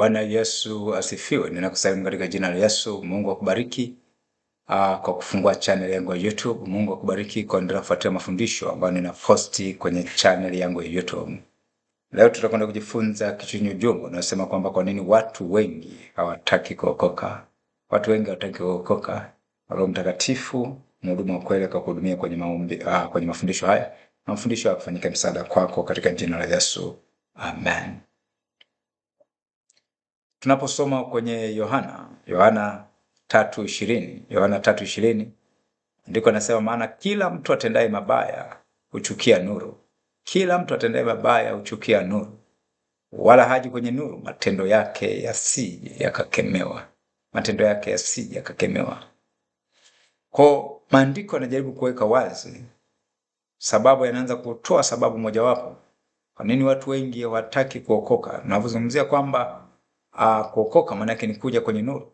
Bwana Yesu asifiwe. Ninakusalimu katika jina la Yesu. Mungu akubariki ah, kwa kufungua channel yangu ya YouTube. Mungu akubariki kwa kuendelea kufuatilia mafundisho ambayo nina post kwenye channel yangu ya YouTube. Leo tutakwenda kujifunza kichwa chenye ujumbe unaosema kwamba kwa nini watu wengi hawataki kuokoka. Watu wengi hawataki kuokoka. Roho Mtakatifu mhudumu wa kweli akakuhudumia kwenye maombi, ah, kwenye mafundisho haya. Mafundisho haya kufanyika msaada kwako katika jina la Yesu. Amen tunaposoma kwenye Yohana Yohana tatu ishirini Yohana tatu ishirini ndiko anasema, maana kila mtu atendaye mabaya huchukia nuru, kila mtu atendaye mabaya huchukia nuru, wala haji kwenye nuru, matendo yake yasije yakakemewa, matendo yake yasije yakakemewa. Kwa maandiko yanajaribu kuweka wazi sababu, yanaanza kutoa sababu mojawapo kwa nini watu wengi hawataki kuokoka. navozungumzia kwamba uh, kuokoka maanake ni kuja kwenye nuru.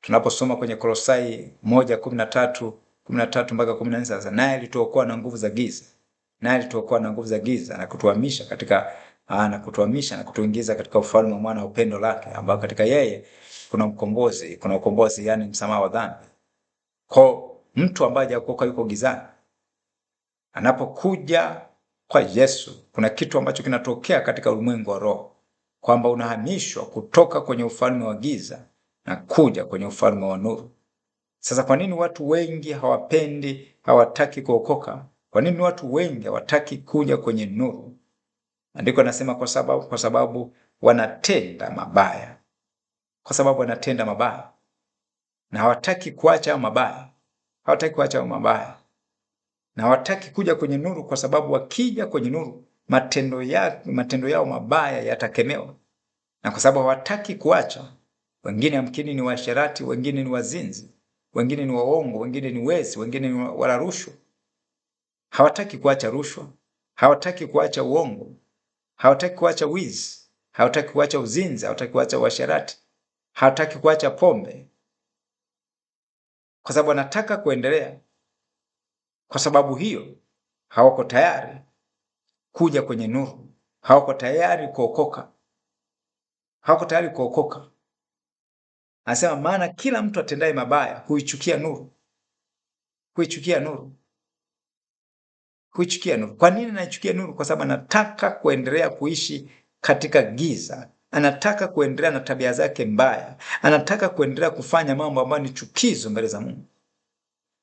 Tunaposoma kwenye Kolosai 1:13 kumi mpaka 14, na sasa, naye alituokoa na nguvu za giza, naye alituokoa na nguvu za giza na kutuhamisha katika uh, na kutuhamisha na kutuingiza katika ufalme wa mwana wa upendo lake, ambao katika yeye kuna mkombozi, kuna ukombozi, yani msamaha wa dhambi. Kwa mtu ambaye hajaokoka yuko gizani, anapokuja kwa Yesu kuna kitu ambacho kinatokea katika ulimwengu wa roho kwamba unahamishwa kutoka kwenye ufalme wa giza na kuja kwenye ufalme wa nuru. Sasa kwa nini watu wengi hawapendi, hawataki kuokoka? Kwa nini watu wengi hawataki kuja kwenye nuru? Andiko anasema kwa sababu, kwa sababu wanatenda mabaya, kwa sababu wanatenda mabaya na hawataki kuacha mabaya, hawataki kuacha mabaya na hawataki kuja kwenye nuru, kwa sababu wakija kwenye nuru matendo, ya, matendo yao mabaya yatakemewa, na kwa sababu hawataki kuacha. Wengine amkini ni washerati, wengine ni wazinzi, wengine ni waongo, wengine ni wezi, wengine ni wala rushwa. Hawataki kuacha rushwa, hawataki kuacha uongo, hawataki kuacha wizi, hawataki kuacha uzinzi, hawataki kuacha washerati, hawataki kuacha pombe, kwa sababu wanataka kuendelea. Kwa sababu hiyo hawako tayari kuja kwenye nuru, hawako tayari kuokoka, hawako tayari kuokoka. Anasema maana kila mtu atendaye mabaya huichukia nuru, huichukia nuru, huichukia nuru. Kwa nini naichukia nuru? Kwa sababu anataka kuendelea kuishi katika giza, anataka kuendelea na tabia zake mbaya, anataka kuendelea kufanya mambo ambayo ni chukizo mbele za Mungu.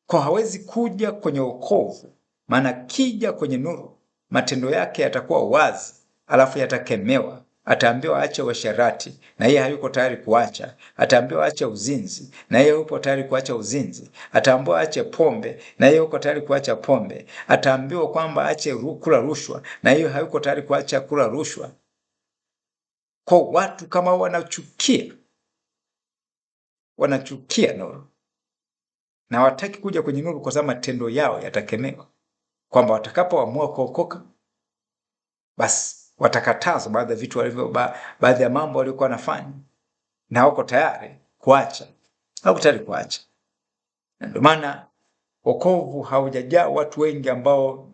Kwa hawezi kuja kwenye wokovu, maana kija kwenye nuru matendo yake yatakuwa wazi, alafu yatakemewa. Ataambiwa ache uasherati na yeye hayuko tayari kuacha. Ataambiwa ache uzinzi na yeye yupo tayari kuacha uzinzi. Ataambiwa aache pombe na yeye yuko tayari kuacha pombe. Ataambiwa kwamba ache kula rushwa na yeye hayuko tayari kuacha kula rushwa. Kwa watu kama wanachukia, wanachukia nuru na wataki kuja kwenye nuru kwa sababu matendo yao yatakemewa kwamba watakapoamua kuokoka basi watakatazwa baadhi ya vitu walivyo, baadhi ya mambo waliokuwa wanafanya na wako tayari kuacha, wako tayari kuacha. Ndio maana wokovu haujajaa watu wengi ambao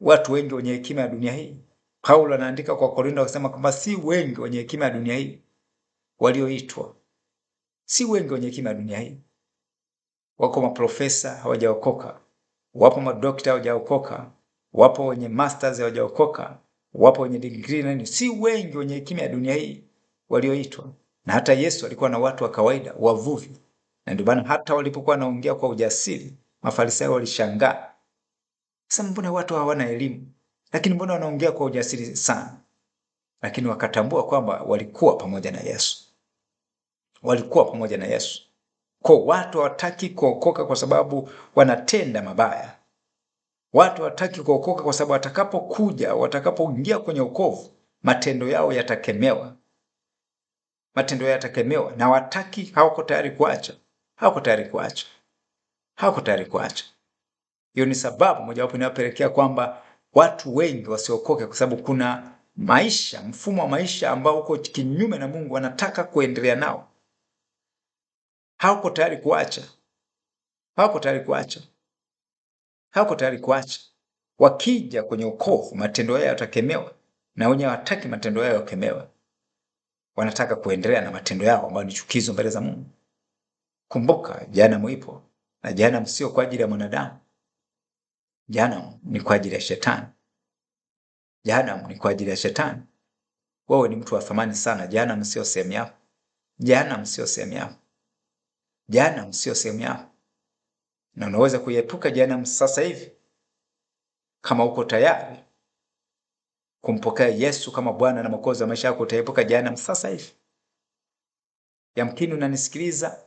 watu wengi wenye hekima ya dunia hii. Paulo anaandika kwa Korinto akisema kwamba si wengi wenye hekima ya dunia hii walioitwa, si wengi wenye hekima ya dunia hii. Wako maprofesa hawajaokoka wapo madokta wajaokoka, wapo wenye masters hawajaokoka, wapo wenye degree na nini, si wengi wenye hekima ya dunia hii walioitwa. Na hata Yesu alikuwa na watu wa kawaida, wavuvi. Na ndio maana hata walipokuwa wanaongea kwa ujasiri, mafarisayo walishangaa, sasa mbona watu hawana elimu, lakini mbona wanaongea kwa ujasiri sana? Lakini wakatambua kwamba walikuwa pamoja na Yesu, walikuwa pamoja na Yesu. Kwa watu hawataki kuokoka kwa sababu wanatenda mabaya. Watu hawataki kuokoka kwa sababu watakapokuja, watakapoingia kwenye ukovu matendo yao yatakemewa, matendo yao yatakemewa, na wataki, hawako tayari kuacha, hawako tayari kuacha, hawako tayari kuacha. Hiyo ni sababu mojawapo inayopelekea kwamba watu wengi wasiokoke, kwa sababu kuna maisha, mfumo wa maisha ambao uko kinyume na Mungu, wanataka kuendelea nao hawako tayari kuacha, hawako tayari kuacha, hawako tayari kuacha. Wakija kwenye ukovu, matendo yao yatakemewa, na wenye hawataki matendo yao yakemewa, wanataka kuendelea na matendo yao ambayo ni chukizo mbele za Mungu. Kumbuka jehanamu ipo, na jehanamu sio kwa ajili ya mwanadamu. Jehanamu ni kwa ajili ya shetani. Jehanamu ni kwa ajili ya shetani. Wewe ni mtu wa thamani sana. Jehanamu sio sehemu yako. Jehanamu sio sehemu yako jana sio sehemu yao, na unaweza kuiepuka jana sasa hivi kama uko tayari kumpokea Yesu kama Bwana na Mwokozi wa maisha yako, utaepuka jana sasa hivi. Yamkini unanisikiliza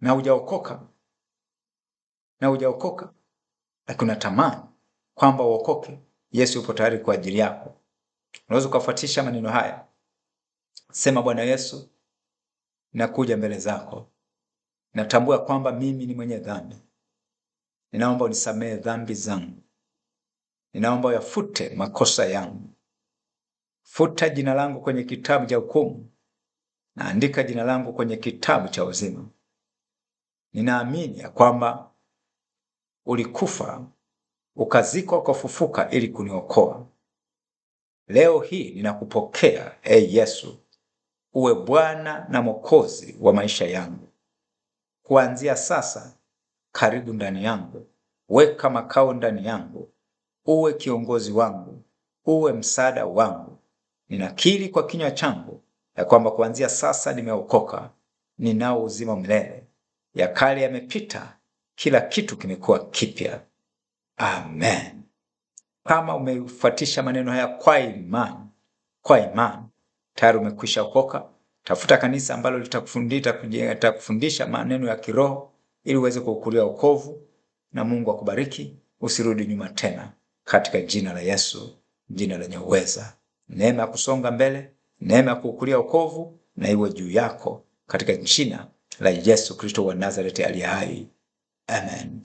na hujaokoka na hujaokoka, lakini unatamani kwamba uokoke. Yesu yupo tayari kwa ajili yako. Unaweza ukafuatisha maneno haya, sema: Bwana Yesu, nakuja mbele zako Natambua kwamba mimi ni mwenye dhambi. Ninaomba unisamehe dhambi zangu. Ninaomba uyafute makosa yangu. Futa jina langu kwenye kitabu cha hukumu naandika jina langu kwenye kitabu cha uzima. Ninaamini ya kwamba ulikufa ukazikwa ukafufuka ili kuniokoa. Leo hii ninakupokea, e ee hey Yesu, uwe Bwana na Mwokozi wa maisha yangu. Kuanzia sasa, karibu ndani yangu, weka makao ndani yangu, uwe kiongozi wangu, uwe msaada wangu. Ninakiri kwa kinywa changu ya kwamba kuanzia sasa nimeokoka, ninao uzima milele. Ya kale yamepita, kila kitu kimekuwa kipya. Amen. Kama umefuatisha maneno haya kwa imani, kwa imani tayari umekwisha okoka. Tafuta kanisa ambalo litakufundisha maneno ya kiroho ili uweze kuukulia ukovu na Mungu akubariki. Usirudi nyuma tena, katika jina la Yesu, jina lenye uweza. Neema ya kusonga mbele, neema ya kuukulia ukovu na iwe juu yako katika jina la Yesu Kristo wa Nazareti aliye hai, amen.